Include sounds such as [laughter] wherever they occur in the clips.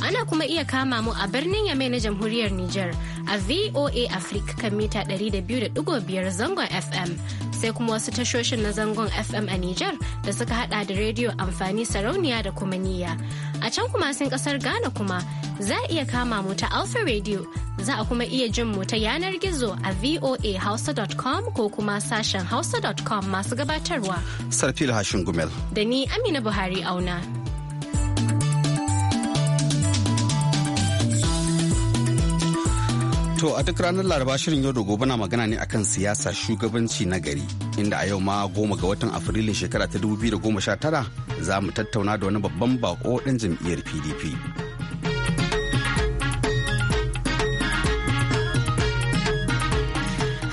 Ana kuma iya kama mu a birnin Yame na jamhuriyar Nijar a VOA Africa kan mita 200.5 zangon FM. Sai kuma wasu tashoshin na zangon FM a Nijar da suka hada da rediyo amfani sarauniya da kuma niyya. A can kuma sun kasar Ghana kuma za a iya kama mu ta Alpha Radio za a kuma iya jin mu ta yanar gizo a voahausa.com ko kuma sashen hausa.com masu gabatarwa. Sarfil Hashin Gumel. Da ni Amina Buhari Auna. To a duk ranar Laraba shirin yau da gobe na magana ne akan siyasa shugabanci na gari inda a yau ma goma ga watan Afrilun shekara ta 2019 za mu tattauna da wani babban bako ɗan jam'iyyar PDP.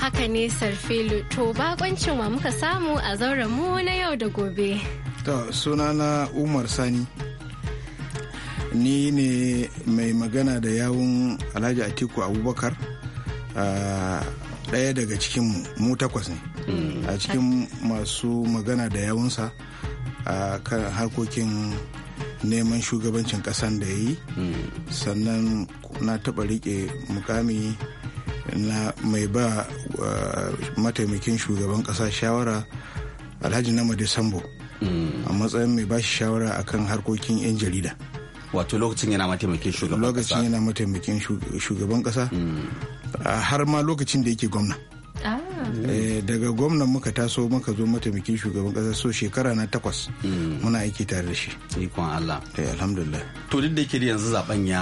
Haka ne Sarfilu, to bakoncin wa muka samu a zauren mu na yau da gobe. To sunana Umar Sani. ni ne mai magana da yawun alhaji atiku abubakar ɗaya daga cikin mu takwas ne mm. a cikin masu magana da yawunsa a kan harkokin neman shugabancin ƙasan da ya yi mm. sannan na taɓa riƙe mukami na mai ba mataimakin shugaban ƙasa shawara alhaji na sambo mm. a matsayin mai ba shi shawara akan harkokin 'yan jarida wato lokacin yana mataimakin shugaban kasa lokacin yana mataimakin shugaban kasa mm. ah, har ma lokacin da yake gwamna Eh, daga gwamnan muka taso muka zo mataimakin shugaban kasa so shekara na takwas hmm. muna aiki tare da shi ikon Allah eh alhamdulillah to duk da yake yanzu zaben ya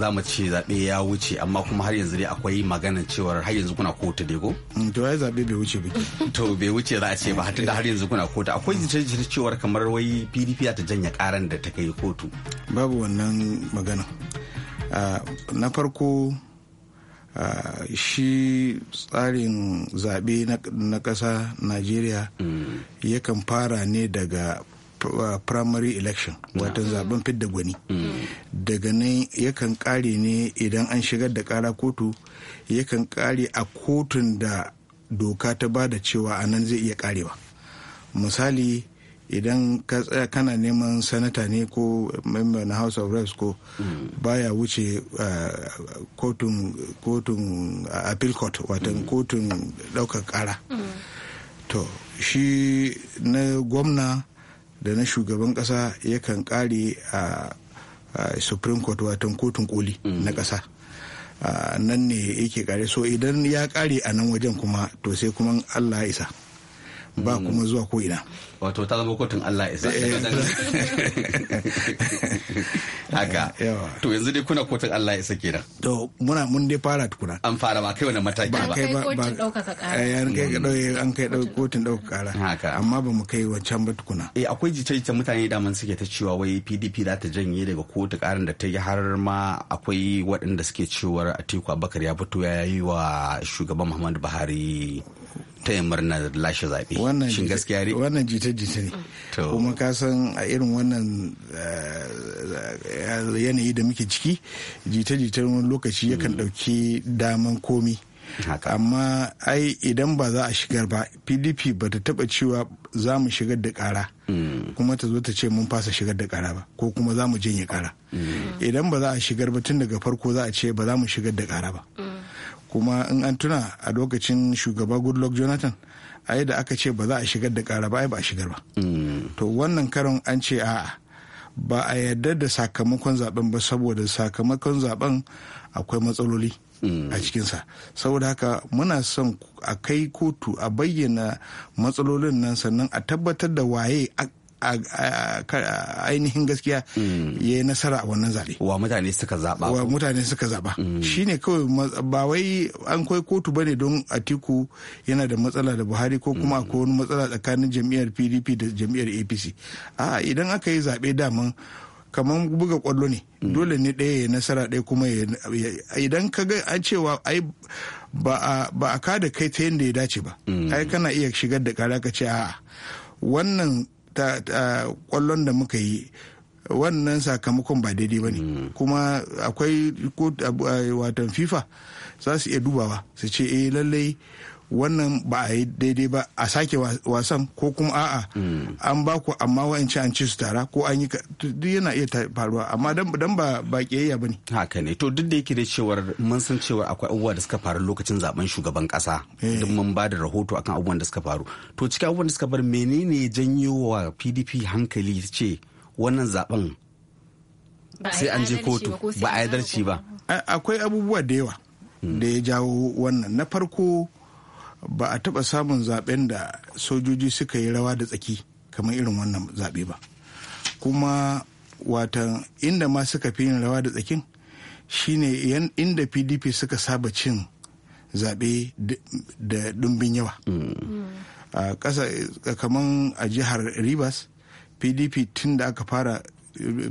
zamu ce zabe ya wuce amma kuma har yanzu dai akwai maganar cewar har yanzu kuna kotu da ko hmm, to ai zabe bai wuce ba [laughs] to bai wuce za a ce ba hatta da har yanzu kuna kotu akwai jita-jita cewar kamar wai PDP ta janya karan da ta kai kotu babu wannan magana ah, na farko shi tsarin zaɓe na ƙasa najeriya mm. yakan fara ne daga primary election mm. wata zaben fidda gwani mm. daga nan yakan kare ne idan an shigar da kara kotu yakan kare a kotun da doka ta ba da cewa a nan zai iya karewa misali idan ka tsaya kana neman sanata ne ko member na house of reps ko mm. baya wuce uh, kotun kotun uh, appeal court watan mm. kotun daukar kara mm. to shi na gwamna da na shugaban kasa yakan kare a supreme court watan kotun koli na kasa nan ne yake kare so idan ya kare a nan wajen kuma to sai kuma allah isa ba kuma zuwa ko ina wato ta zama kotun Allah isa [laughs] haka to yanzu dai kuna kotun Allah isa kenan to muna mun dai fara tukuna an fara ba kai wani mataki ba kai ba ba eh, an kai ga dauke mm. an kai dauke kotun dauka kara haka amma ba mu kai wancan ba tukuna eh akwai jita-jita mutane da man suke ta cewa wai PDP za ta janye daga kotu karin da ta yi har ma akwai waɗanda suke cewar Atiku Abubakar ya fito ya yi wa shugaban Muhammadu Buhari ta yin murna da lashe zaɓe shin gaskiya ne wannan jita-jita ne kuma ka san a irin wannan eh, eh, yanayi da muke ciki jita-jita wani lokaci yakan hmm. ɗauki daman komi amma ai idan ba za a shigar ba pdp ba ta taba cewa za mu shigar da kara hmm. kuma ta zo ta ce mun fasa shigar da kara ba ko kuma za mu janye kara hmm. idan ba za a shigar ba tun daga farko za a ce ba za mu shigar da kara ba kuma in an tuna a lokacin shugaba goodluck jonathan a da aka ce ba za a shigar da kara ba ai ba a shigar ba to wannan karon an ce a'a ba a yarda da sakamakon zaben ba saboda sakamakon zaben akwai matsaloli a cikinsa saboda haka muna son a kai kotu a bayyana matsalolin nan sannan a tabbatar da waye ainihin gaskiya mm. ya yi nasara a wannan zaɓe. Wa mutane suka zaɓa. Wa mutane suka zaɓa. Mm. Shi ne kawai ba wai an kai kotu ne don Atiku yana da matsala da Buhari ko kuma mm. akwai wani matsala tsakanin jam'iyyar PDP da jam'iyyar APC. A'a idan aka yi zaɓe daman kamar buga kwallo ne dole ne ɗaya ya nasara ɗaya kuma idan ka ga an cewa ai ba a kada kai ta yadda ya dace ba ai kana iya shigar da kara ka ce a'a wannan kwallon da muka yi wannan sakamakon ba daidai ba ne hmm. kuma akwai watan fifa za su iya dubawa su ce eh lallai wannan ba a yi daidai ba a sake wasan ko kuma a'a an ba ku amma wa'anci an ci su tara ko an yi duk yana iya faruwa amma dan ba ba kiyayya bane haka ne to duk da yake da cewar mun san cewa akwai abubuwa da suka faru lokacin zaben shugaban kasa eh. duk mun ba da rahoto akan abubuwan da suka faru to cikin abubuwan da suka bar menene janyo wa PDP hankali ce wannan zaben sai an je kotu ba a yadarci ba akwai abubuwa da yawa hmm. da ya jawo wannan na farko ba a taɓa samun zaben da sojoji suka yi rawa da tsaki kamar irin wannan zaɓe ba kuma watan inda ma suka fi yin rawa da tsakin shine inda pdp suka saba cin zaɓe da ɗumbin yawa a ƙasa kamar a jihar rivers pdp tun da aka fara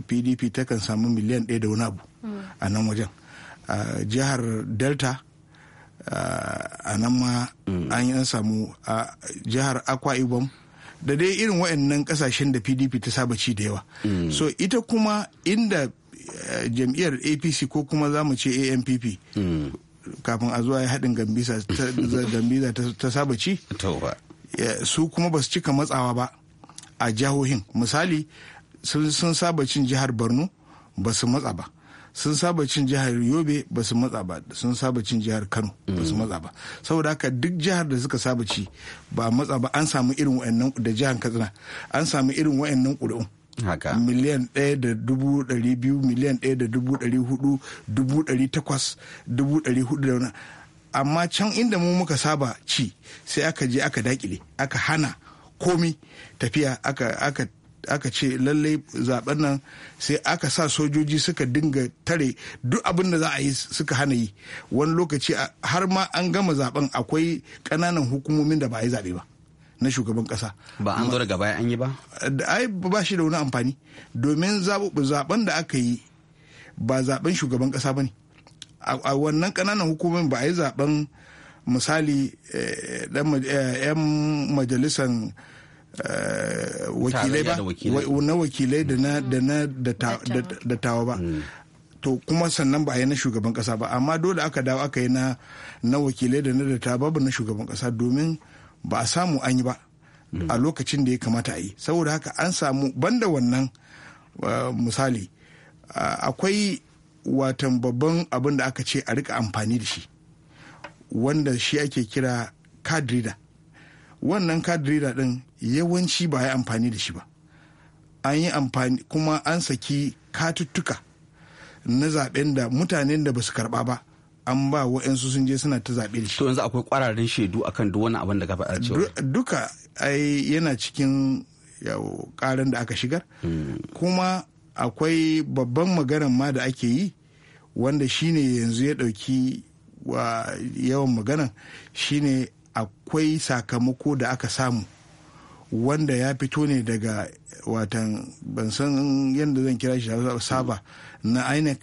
pdp takan samu miliyan ɗaya da wani abu a nan wajen a jihar delta a nan ma an yi an samu a jihar akwa ibom da dai irin waɗannan kasashen da pdp ta saba ci da yawa so ita kuma inda eh, jam'iyyar apc ko kuma za mu ce ampp kafin a zuwa ya haɗin gambiza ta saba ci eh, su kuma ba su cika matsawa ba a jihohin misali sun saba cin jihar borno ba su matsa ba sun saba cin jihar yobe ba su matsa ba sun saba cin jihar kano ba su mm. matsa ba saboda haka duk jihar da suka saba ci ba matsa ba an samu irin wa'annan da jihar katsina an samu irin wa'annan ƙuri'un miliyan ɗaya da dubu ɗari biyu miliyan ɗaya da dubu ɗari hudu dubu ɗari takwas dubu ɗari hudu da wani amma can inda mu muka saba ci sai aka je aka dakile aka hana komi tafiya aka aka ce lallai zaben nan sai aka sa sojoji suka dinga tare duk abin da za a yi suka hana yi wani lokaci har ma an gama zaben akwai ƙananan hukumomin da ba a yi zaɓe ba na shugaban kasa. Ba an zo daga baya an yi ba? Ai ba shi da wani amfani domin zaben da aka yi ba zaben shugaban kasa ba ne. A wannan ƙananan hukumomin ba a yi zaben misali eh, eh, 'yan majalisan Eh, wakilai ba na wakilai da na da na da tawa ba hmm. to kuma sannan ba a yi na shugaban kasa ba amma dole aka dawo aka yi na wakilai da na da ta babu na shugaban kasa domin ba a samu an yi ba hmm. a lokacin da ya kamata a yi saboda haka an samu banda wannan misali akwai watan babban abin da aka ce a rika amfani da shi wanda shi ake kira card wannan card ɗin yawanci ba ya amfani da shi ba an yi amfani kuma an saki katuttuka na zaben da mutanen da ba su karba ba an ba wa'yansu sun je suna ta zaɓe da shi. To yanzu akwai kwararin shaidu akan duk wani abin da gaba cewa. Duka ai yana cikin ƙarin da aka shigar. Hmm. Kuma akwai babban maganar ma da ake yi wanda shine yanzu ya ɗauki wa yawan maganan shine akwai sakamako da aka samu wanda ya fito ne daga watan ban san yadda zan kira shi saba na inec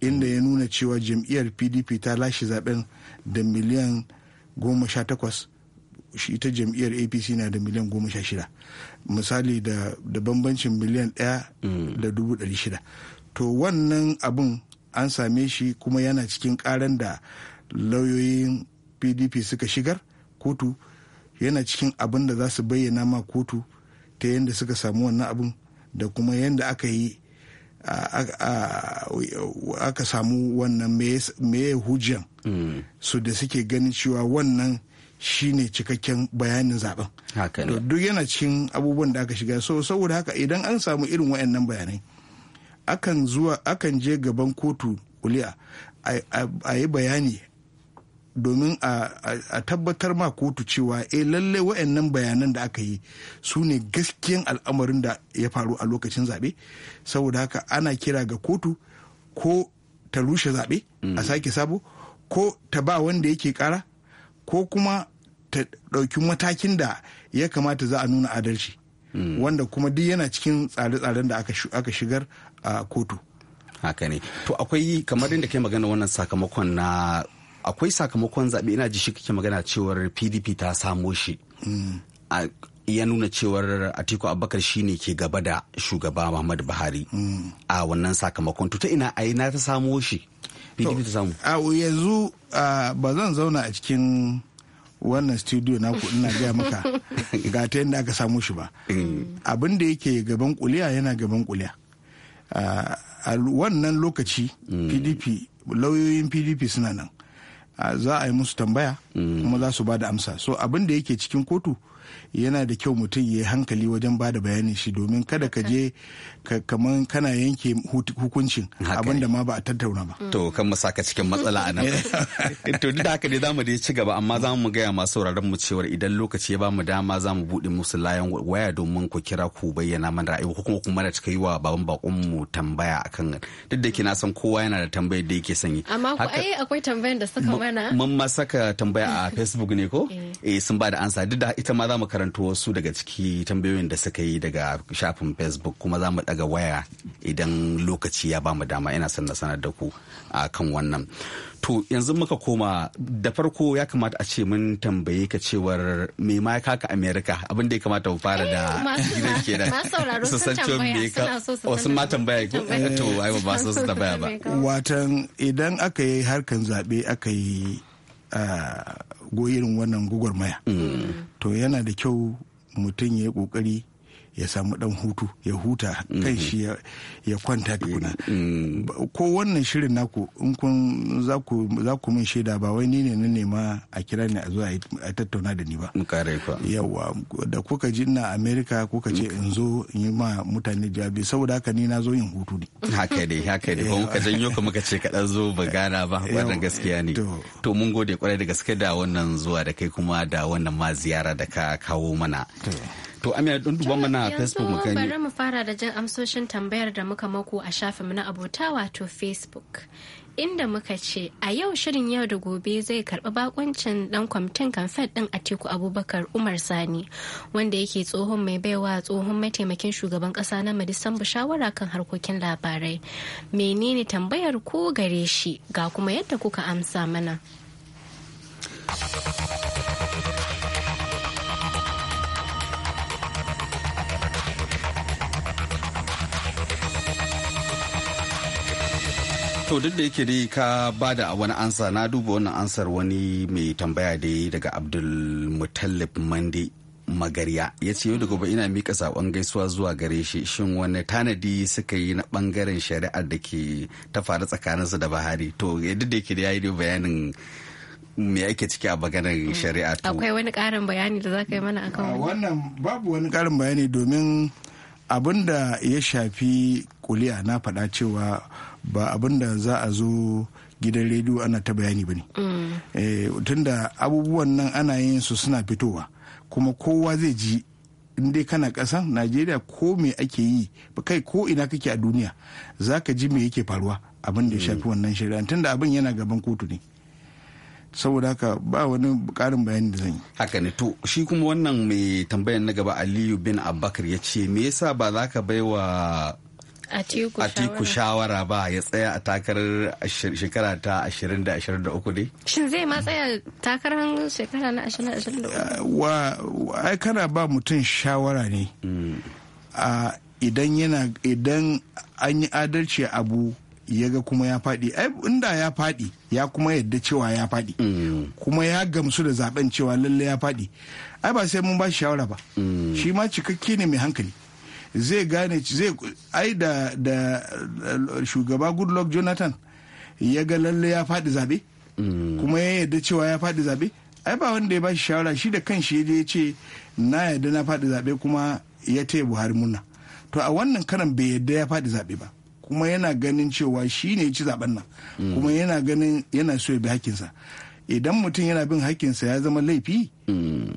inda ya nuna cewa jam'iyyar pdp ta lashe zaben da miliyan goma shi ita jam'iyyar apc na da miliyan goma misali da, bambancin miliyan ɗaya da dubu to wannan abun an same shi kuma yana cikin ƙaran da lauyoyin pdp suka shigar kotu yana cikin abin da za su bayyana ma kotu ta yadda suka samu wannan abin da kuma yadda aka yi aka samu wannan meye hujjan mm. su da suke ganin cewa wannan shine cikakken bayanin zaben duk yana cikin abubuwan da aka shiga so saboda haka idan an samu irin wayannan bayanai akan zuwa akan je gaban kotu kuliya a yi bayani domin a tabbatar ma kotu cewa eh lallai wa'annan bayanan da aka yi su ne gaskiyan al'amarin da ya faru a lokacin zaɓe saboda haka ana kira ga kotu ko ta rushe zaɓe a mm. sake sabo ko ta ba wanda yake kara ko kuma ta ɗauki matakin da ya kamata za a nuna adalci mm. wanda kuma duk yana cikin tsare-tsaren da aka shigar a kotu haka ne to akwai kamar inda kai magana wannan sakamakon na akwai sakamakon zaɓe ina ji shi kake magana cewar pdp ta samo shi ya nuna cewar atiku abubakar shine ke gaba da shugaba muhammadu buhari a wannan sakamakon tuta ina a na ta samo shi pdp ta samu a yanzu ba zan zauna a cikin wannan studio na ina gaya maka [laughs] ga ta yadda aka samo shi ba mm. abin da yake gaban kuliya yana gaban kuliya a wannan lokaci pdp mm. lauyoyin pdp suna nan za a yi musu tambaya mm. kuma za su ba da amsa so abin da yake cikin kotu yana da kyau mutum ya yi hankali wajen ba da bayanin shi domin kada ka je kamar kana yanke hukuncin abin da ma ba a tattauna ba. To kan mu saka cikin matsala a nan. [laughs] To duk da haka dai zamu dai ci gaba amma za mu gaya masu sauraron mu cewar idan lokaci ya ba mu dama za mu buɗe musu layan waya domin ku kira ku bayyana mana ra'ayi ko kuma kuma da cika yi wa baban bakon mu tambaya akan duk da ke na san kowa yana da tambayar da yake sanyi. Amma ku ai akwai tambayar da saka mana. Mun ma saka tambaya a Facebook ne ko? Eh. eh sun ba da ansa duk da ita ma za mu karanta karanto wasu daga ciki tambayoyin da suka yi daga shafin facebook kuma za mu daga waya idan lokaci ya ba mu dama ina son na sanar da ku a kan wannan to yanzu muka koma da farko ya kamata a ce mun tambaye ka cewar me ma ya kaka america abin da ya kamata mu fara da eh, gidan kenan su san cewa me ka wasu ma tambaya ko to ai ba su tambaya ba watan idan aka yi harkan zabe aka yi a goyirin wannan maya mm. to yana da kyau mutum ya yi kokari ya samu dan hutu ya huta kan mm-hmm. shi ya kwanta tukuna mm-hmm. ko wannan shirin naku in kun za ku min shaida ba wai ni ne na nema a kira ni a zuwa a tattauna da ni ba yawa da kuka ji na america kuka ce mm-hmm. in zo in yi ma mutane jabi saboda haka ni na zo yin hutu ne haka ne haka ne ba muka janyo ka muka ce kaɗan zo ba gana ba wannan gaskiya ne to mun gode kwarai da gaske da wannan zuwa da kai kuma da wannan ma ziyara da ka kawo mana To Amina don duba mana Facebook mu gani. mu fara da jin amsoshin tambayar da muka mako a shafinmu na abota wato Facebook. Inda muka ce a yau shirin yau da gobe zai karɓi bakuncin dan kwamitin kamfet ɗin Atiku Abubakar Umar Sani wanda yake tsohon mai baiwa tsohon mataimakin shugaban kasa na madisan shawara kan harkokin labarai. Menene tambayar ku gare shi ga kuma yadda kuka amsa mana. to duk da yake dai ka ba da wani ansa na duba wannan ansar wani mai tambaya da yi daga abdul mutallib mande magarya ya ce yau daga ina mika saƙon gaisuwa zuwa gare shi shin wani tanadi suka yi na bangaren shari'ar da ke ta faru su da bahari to duk da yake da yayi bayanin me ake ciki a maganar mm. shari'a akwai wani karin bayani da za ka yi mana akan wannan babu wani karin bayani domin abin da ya shafi kuliya na faɗa cewa ba abin da za a zo gidan rediyo ana ta bayani ba ne mm. eh, tunda abubuwan nan ana yin su suna fitowa kuma kowa zai ji in dai kana kasa najeriya ko me ake yi kai ko ina kake a duniya za ka ji me yake faruwa abin da ya shafi mm. wannan shari'a tunda abin yana gaban kotu ne saboda haka ba wani karin bayani da zan yi haka ne to shi kuma wannan mai tambayar na gaba aliyu bin abubakar ya ce me yasa ba za ka bai wa Atiku shawara ba ya tsaya a takarar shekara ta 23 ne? Shin zai ma tsaya takarar shekara na 23? Uh, wa ai kana ba mutum shawara ne. Mm. Uh, idan yana idan an yi adalci abu ya ga kuma ya faɗi inda ya faɗi ya kuma yadda cewa ya faɗi mm. kuma ya gamsu da zaben cewa lalle ya faɗi ai ba sai mun ba shi shawara ba mm. shi ma cikakke ne mai hankali zai gane zai ai da shugaba goodluck jonathan ya ga lalle ya faɗi zabe kuma ya yarda cewa ya faɗi zabe ai ba wanda ya ba shi shawara shi da shi ya ce na yarda na faɗi zabe kuma ya taya buhari muna to a wannan karan bai yarda ya faɗi zabe ba kuma yana ganin cewa shi ne ya ci zaben nan kuma yana ganin yana so ya bi hakinsa idan mutum yana bin hakinsa ya zama laifi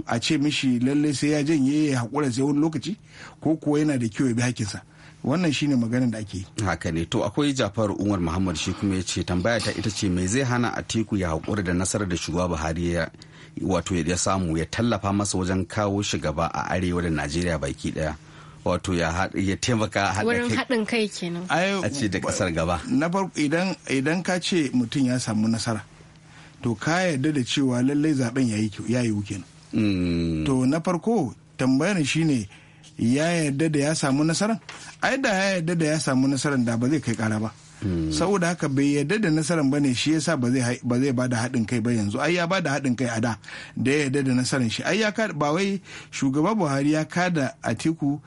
a ce mishi lallai sai ya janye ya haƙura sai wani lokaci ko kuwa yana da kyau ya bi hakinsa wannan shine maganar da ake yi haka ne to akwai jafaru umar muhammad shi kuma ya ce tambaya ta ita ce mai zai hana atiku ya haƙura da nasarar da shugaba buhari ya wato ya samu ya tallafa masa wajen kawo shi gaba a arewa da najeriya baki daya wato ya ya taimaka haɗin kai kenan a ce da ƙasar gaba idan ka ce mutum ya samu nasara to ka yarda da cewa lallai zaben ya yi wukin. to na farko tambayar shine ya yarda da ya samu nasarar ai da ya yarda da ya samu nasarar da ba zai kai kara ba mm. saboda haka bai yarda da nasarar ba ne shi yasa ba zai ba da haɗin kai ba yanzu ai ya ba da haɗin kai a da da ya yarda da nasarar shi ai ya ba wai shugaba buhari ya kada atiku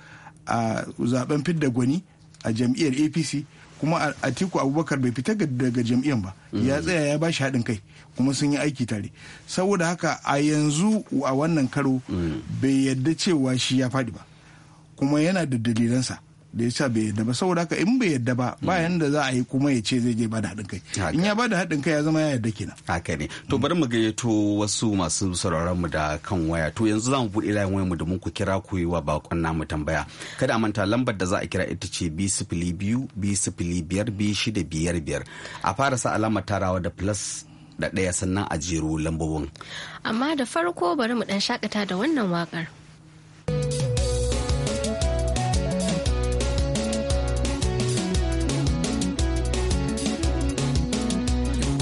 a zaben fidda gwani a jam'iyyar apc kuma atiku abubakar bai fita daga jam'iyyar ba mm. ya tsaya ya bashi haɗin kai kuma sun yi aiki tare saboda haka a yanzu a wannan karo mm. bai yadda cewa shi ya faɗi ba kuma yana da dalilansa da ya sa bai yadda ba saboda haka in bai yadda ba bayan hmm. da za a yi kuma ya ce zai je bada haɗin kai in ya bada haɗin kai ya zama ya yadda kenan haka ne to bari mu gayyato wasu masu sauraron mu da kan waya to yanzu za mu buɗe layin wayar mu domin ku kira ku yi wa bakon namu tambaya kada a manta lambar da za a kira ita ce b sifili biyu b sifili biyar b shida biyar biyar a fara sa alamar tarawa da plus da ɗaya sannan a jero lambobin amma da farko bari mu ɗan shakata da wannan waƙar.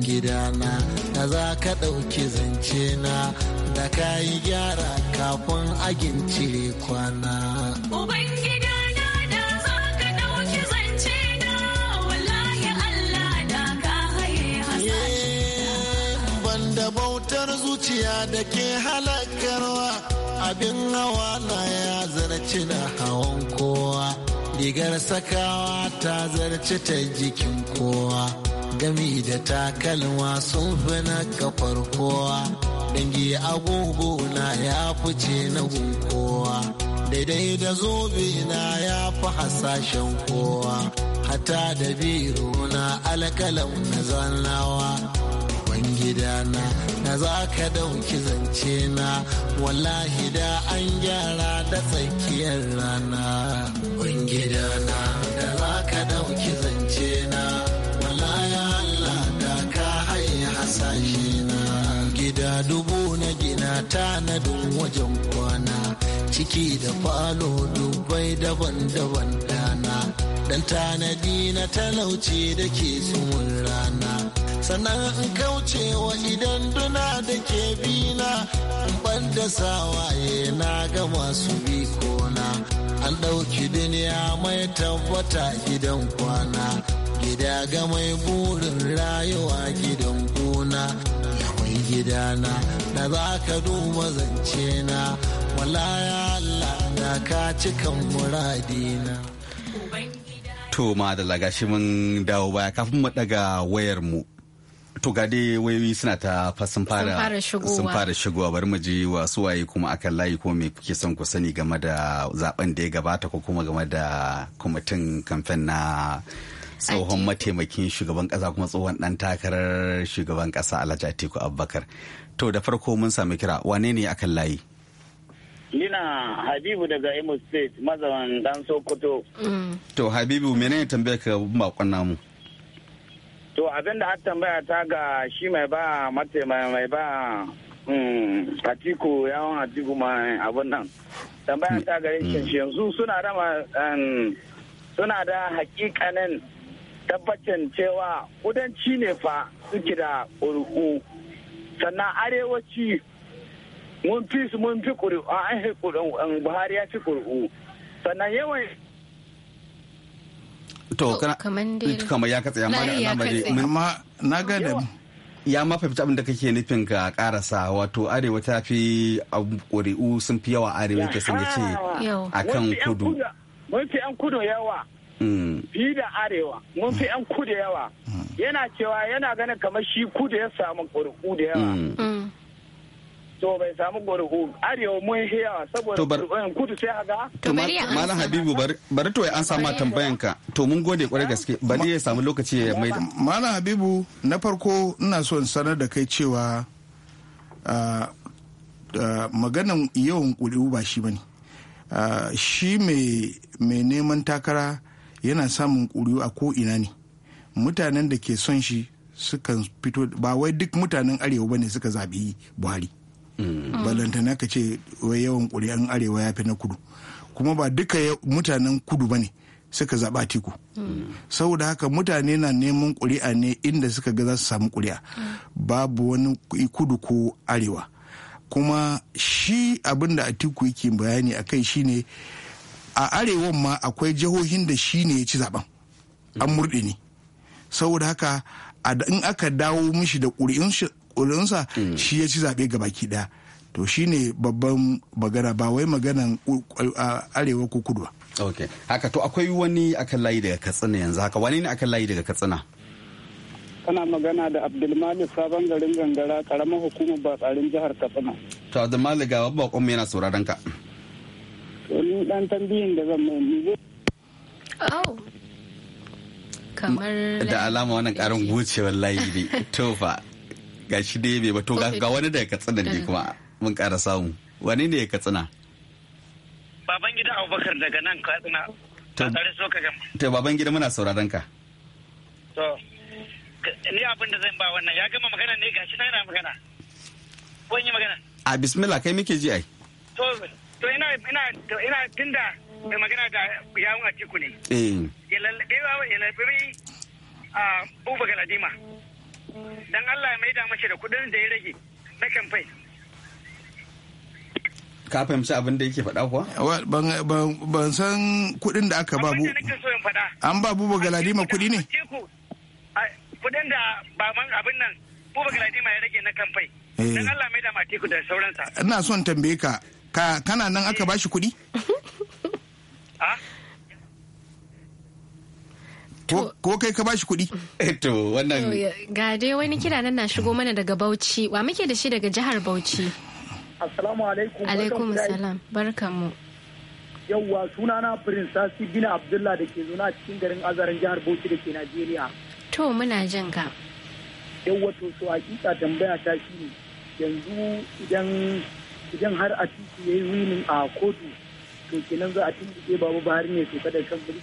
gidana da za ka ɗauki zance na da ka yi gyara kafin agin cire kwana. bautar zuciya da ke halakarwa abin hawa na ya zarci na hawan kowa rigar sakawa ta zarci ta jikin kowa gami da takalma sun fi na kafar kowa dangi agogo na ya fice na kowa daidai da zobe na ya fi hasashen kowa hata da biro na alkalam na zannawa gidana na za ka dauki zance na wallahi da an gyara da tsakiyar rana gidana dubu na gina tanadin wajen kwana ciki da falo dubbai daban-daban dana dan tanadi na talauci da ke tsumin rana sannan in kaucewa idan duna da ke bina in ban da sawaye na ga masu bikona an ɗauki duniya mai tabbata gidan kwana gida ga mai burin rayuwa gidan gona gidana da za ka duba zance na wala ya Allah da ka cikan muradina to ma da lagashi mun dawo baya kafin mu daga wayar mu to ga dai wayoyi suna ta sun fara sun fara shigowa bari mu ji wasu waye kuma akan layi ko me kuke son ku sani game da zaben da ya gabata ko kuma game da kwamitin kamfen na tsohon mataimakin shugaban kasa kuma tsohon dan takarar shugaban kasa alhaji atiku abubakar to da farko mun sami kira wane ne akan layi na Habibu daga Imo State, mazaman dan Sokoto. Mm. To Habibu menene tambayar ka bakon namu? To abin da tambaya ta ga shi mai ba mate mai ba mm, Atiku yawon Atiku mai abin nan. Tambaya ta gare shi mm. yanzu suna da um, suna da hakikanin tabbacin cewa kudanci ne fa suke da ƙuri'u sannan arewaci mun fi su mun fi ƙuri'u an yi buhari ya fi ƙuri'u sannan yawan to kama ya katsa ya na maje amma na gada ya ma fahimci abin da kake nufin ga karasa wato arewa ta fi ƙuri'u sun fi yawa arewa ta sun ce a kan kudu mun fi yan kudu yawa Bi da arewa mun fi 'yan kudu yawa. Yana cewa yana ganin kamar shi kudu ya samu ƙuri'u da yawa. to bai samu gurgu arewa mun yawa saboda kudu sai a ga to mana habibu bari to an sama tambayan ka to mun gode kwarai gaske bari ya samu lokaci ya mai mana habibu na farko ina so in sanar da kai cewa ah, ah, maganan yawan ƙuri'u ba shi bane ah, shi mai neman takara yana samun ƙuri'u a ko'ina ne mutanen da ke son shi sukan fito ba wai duk mutanen arewa bane suka zaɓi buhari mm. balantana ka ce wai yawan ƙuri'an arewa ya fi na kudu kuma ba duka mutanen kudu bane suka zaɓa tiku mm. saboda haka mutane na neman ƙuri'a ne inda suka ga za su samu ƙuri'a mm. babu wani kudu ko arewa kuma shi abinda da atiku yake bayani a kai shine a arewan ma akwai jihohin da shi ne ya ci zaben an murɗe ne saboda haka in aka dawo mishi da ƙuri'unsa mm. shi ya ci zaɓe ga baki ɗaya to shi ne babban magana ba wai maganan arewa ko kudu ba. ok haka to akwai wani akan layi daga katsina yanzu haka wani ne akan layi daga katsina kana magana da abdulmalik sabon garin gangara karamar hukumar batsarin jihar katsina to abdulmalik ga babban yana sauraron ka ni dan tambayin da zan mai oh. kamar da alama wannan karin guce wallahi ne to fa ga shi dai bai ba to ga wani da ya katsina ne uh-huh. kuma mun kara samu wani ne ya katsina baban gida abubakar daga nan katsina to baban gida muna sauraron ka to ni abin da zan ba wannan ya gama magana ne gashi na yana magana ko yi magana a bismillah kai muke ji ai to to ina ina ina tunda mai magana da yawun atiku ne eh. ya lallabe ya a buba galadima don Allah ya maida mace da kudin da ya rage na kamfai ka fahimci abin da yake faɗa kuwa? ban san kuɗin da aka ba bu an ba buba galadima kuɗi ne? kuɗin da man abin nan buba galadima ya rage na kamfai eh. don Allah mai da matiku da sauransa ina son tambaye ka ka kana nan aka eh. ba shi kuɗi? [laughs] Ah. ko kai ka ba shi kuɗi? Eto eh, wannan ga dai wani kira nan na shigo mana daga Bauchi wa muke da shi daga jihar Bauchi Assalamu alaikum alaikum salam mu. yawwa sunana Prince Sasi bin Abdullah da ke zuna cikin garin Azaren jihar Bauchi da ke Najeriya to muna jin ka yawwa to so hakika tambaya ta shi yanzu idan idan har a titi ya yi winin a kotu to kenan za a tuntuɓe babu buhari ne su kada kan mulki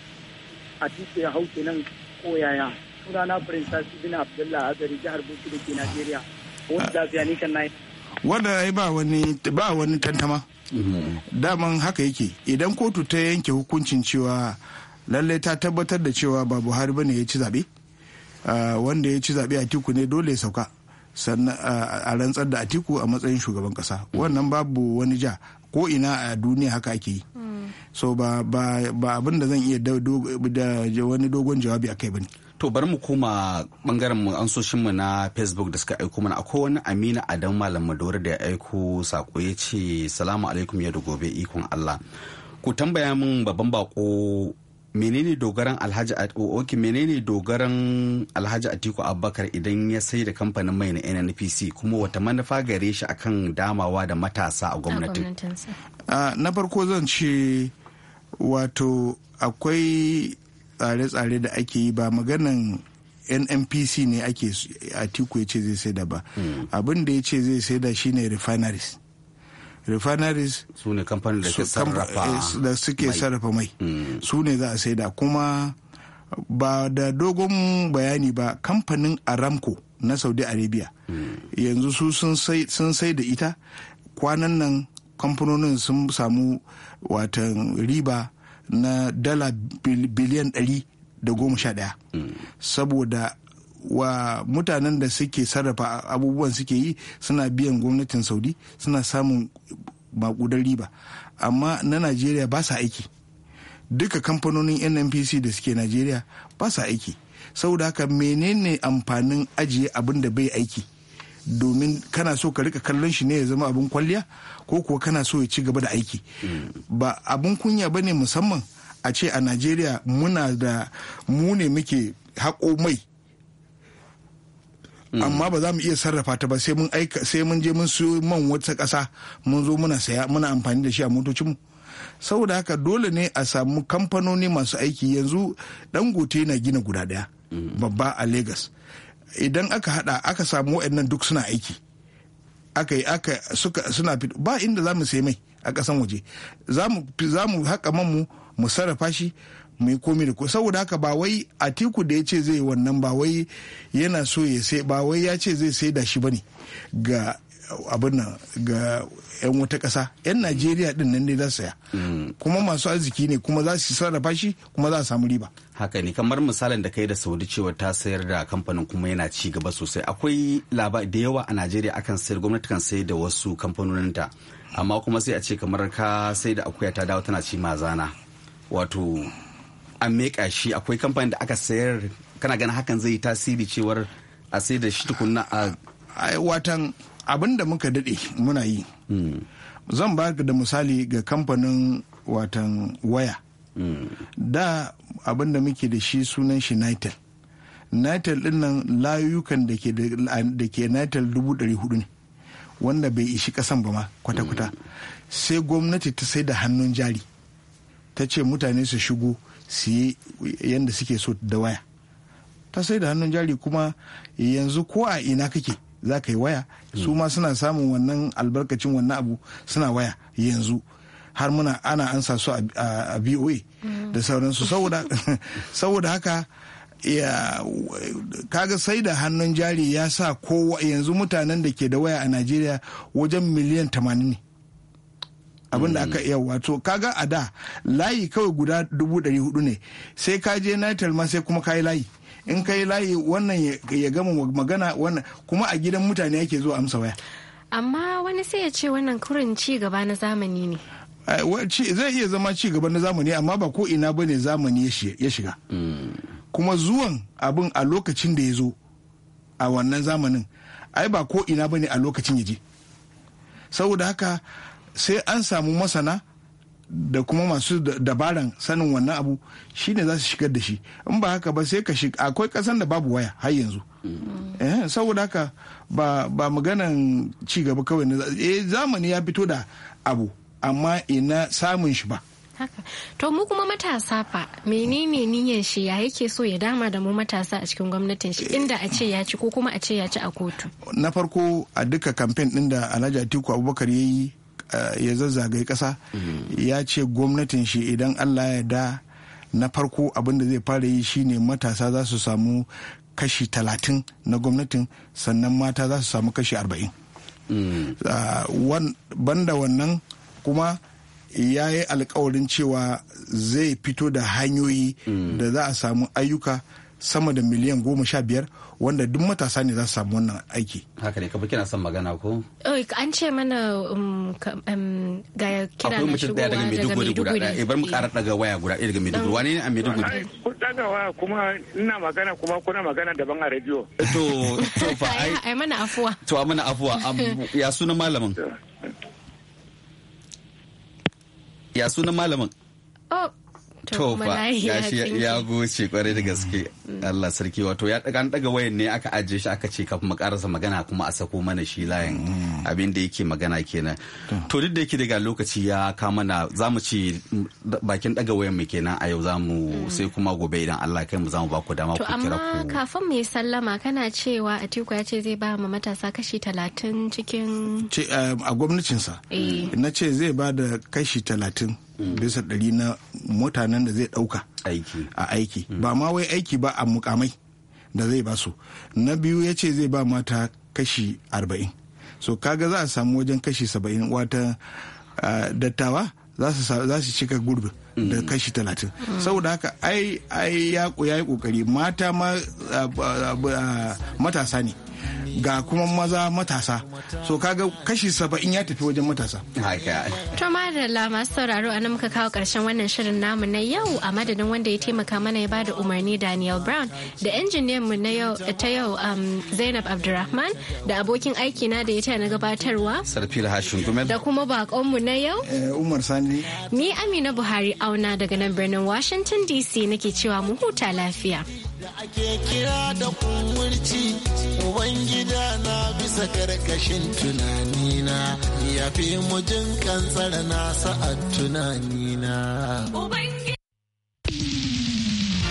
a titi ya hau kenan ko yaya sunana prince bin abdullahi azari jihar bauchi da ke nigeria wani lafiya ni kan nayi wanda ba wani ba wani tantama daman haka yake idan kotu ta yanke hukuncin cewa lallai ta tabbatar da cewa ba buhari bane ya ci zaɓe ah, wanda ya ci zaɓe a tiku ne dole ya sauka sannan a rantsar da atiku a matsayin shugaban kasa wannan babu wani ja ko ina a duniya haka ake yi so ba ba abin da zan iya da wani dogon jawabi a kai bane to bari mu koma bangaren mu an soshin mu na facebook da suka aiko mana akwai wani amina adam malam madore da ya aiko sako ya ce salamu alaikum ya da gobe ikon allah ku tambaya min babban bako menene dogaran alhaji menene dogaran alhaji atiku abubakar idan ya sai da kamfanin mai na nnpc kuma wata manufa gare shi akan damawa da matasa a gwamnatin na farko zan ce wato akwai tsare-tsare da ake yi ba maganan nnpc ne ake atiku ya ce zai sai da ba hmm. abin da ya ce zai sai da shine refineries refineries su ne kamfanin da eh, suke sarrafa mai hmm. su ne za a saida kuma ba da dogon bayani ba kamfanin aramco na saudi arabia hmm. yanzu su sun sai da ita kwanan nan kamfanonin sun samu watan riba na dala biliyan da sha 111 hmm. saboda wa mutanen da suke sarrafa abubuwan suke yi suna biyan gwamnatin saudi suna samun makudan riba amma na najeriya ba sa aiki duka kamfanonin nnpc da suke najeriya ba sa aiki saboda haka menene amfanin ajiye abin da bai aiki domin kana so ka rika kallon shi ne ya zama abin kwalliya ko kuwa kana so ya ci gaba da aiki mm. ba abin kunya ba ne musamman a ce a najeriya muna da mu ne muke haƙo mai Mm. amma ba za mu iya sarrafa ta ba sai mun aika sai mun je mun siyo man wata kasa mun zo muna saya muna amfani da shi a motocin mu saboda haka dole ne a samu kamfanoni masu aiki yanzu gote na gina guda daya mm. babba a Lagos idan aka hada aka samu waɗannan duk suna aiki aka yi aka suka suna fito ba inda za mu sai mai a kasan waje za mu haƙa man mu mu sarrafa shi mu yi komi da saboda haka ba wai atiku da ya ce zai wannan ba wai yana so ya sai ba wai ya ce zai sai da shi bane ga abin nan ga 'yan wata ƙasa 'yan najeriya din nan ne za su saya mm. kuma masu arziki ne kuma za su sarrafa shi kuma za su samu riba haka ne kamar misalin da kai da saudi cewa ta sayar da kamfanin kuma yana ci gaba sosai akwai labari da yawa a najeriya akan sayar gwamnati kan sayar da wasu ta amma kuma sai a ce kamar ka sai da akuya ta dawo tana ci mazana wato an meka shi akwai kamfani da aka sayar kana ganin hakan zai yi tasiri cewar a sai da shi tukunna a watan abin da muka dade muna yi hmm. zan ba da misali ga kamfanin watan waya hmm. da abin da muke da shi sunan shi nitel nitel din nan layukan da ke nitel dubu ne wanda bai ishi kasan ba ma kwata-kwata hmm. sai gwamnati ta sai da hannun jari ta ce mutane su shigo su yi yadda suke so da waya ta sai da hannun jari kuma yanzu ko a ina kake za ka yi waya su ma suna samun wannan albarkacin wannan abu suna waya yanzu har muna ana ansa su a boa da sauransu [laughs] saboda haka ya kaga sai da hannun jari ya sa kowa yanzu mutanen da ke da waya a najeriya wajen miliyan 80 ne abin da mm. aka iya wato kaga a da layi kawai guda dubu ɗari hudu ne sai ka je na ma sai kuma ka yi layi in ka yi layi wannan ya gama magana wannan kuma a gidan mutane yake zuwa amsa waya amma wani sai ya ce wannan kurin ci gaba na zamani ne eh, zai iya zama ci gaba na zamani amma ba ko ina bane zamani ya shiga mm. kuma zuwan abin a lokacin da ya zo a wannan zamanin ai ba ko ina bane a lokacin ya je saboda haka sai an samu masana da kuma masu dabaran sanin wannan abu shine za su shigar da shi in ba haka ba sai ka shi akwai kasan da babu waya har yanzu eh, saboda haka ba maganan ci gaba kawai na eh, zamani ya fito da abu amma ina samun shi ba to mu kuma matasa fa menene niyyar shi ya yake so ya dama da mu matasa a cikin gwamnatin shi inda a ce ya ci ko kuma a ce ya ci a kotu na farko a duka kamfen din da Alhaji Atiku Abubakar yayi ya zazzagai ƙasa ya ce gwamnatin shi idan allah ya da na farko abin da zai fara yi shine matasa za su samu kashi talatin na gwamnatin sannan mata za su samu kashi arba'in mm. ah, banda wannan kuma ya yi alkawarin cewa zai fito da hanyoyi mm. da za a samu ayyuka sama da miliyan goma sha biyar wanda duk matasa ne za su samu wannan aiki. Haka ne, kaba kina son magana ko? Oh, an ce mana um, um, ga kira na shigowa daga Maiduguri. guda ɗaya, eh, bar mu ƙara daga waya guda ɗaya daga Maiduguri. Wani ne a Maiduguri? Kun daga waya kuma ina magana kuma kuna magana daban a rediyo. To, to fa ai. Ai mana afuwa. To, a mana afuwa. Ya sunan malamin? Ya sunan malamin? Oh, to fa, ya goce kwarai da gaske. Allah sarki wato ya daga daga wayan ne aka ajiye shi aka ce kafin mu karasa magana kuma a sako mana shi layin mm. abin da yake magana kenan to duk da yake daga lokaci ya kama na zamu ci bakin daga wayan mu kenan a yau zamu mm. sai kuma gobe idan Allah kai mu zamu ba ku dama ku kira ku to amma kafin mu yi sallama kana cewa Atiku ya ce zai ba mu matasa kashi 30 cikin eh, a sa. Eh. na ce zai ba da kashi 30 mm. bisa ɗari na mutanen da zai ɗauka a aiki ba ma wai aiki ba a mukamai da zai ba su na biyu ya ce zai ba mata kashi arba'in so kaga za a samu wajen kashi saba'in wata dattawa za su cika gurbin da mm. kashi talatin saboda haka ai ya yi kokari mata matasa ne ga kuma maza matasa so kaga kashi saba'in ya tafi wajen matasa to madalla masu sauraro a nan muka kawo karshen wannan shirin namu na yau a madadin wanda ya taimaka mana ya bada umarni daniel brown da injiniyan mu na yau ta yau um, zainab abdulrahman da abokin aiki na da ya taya na gabatarwa sarfila hashin Kuma da kuma bakon mu na yau eh, umar sani ni amina buhari auna daga nan birnin washington dc nake cewa mu huta lafiya Da ake kira da kumurci, Ubangida na bisa karkashin tunanina, ya fi mujin kansar nasa a tunanina. Ubangida.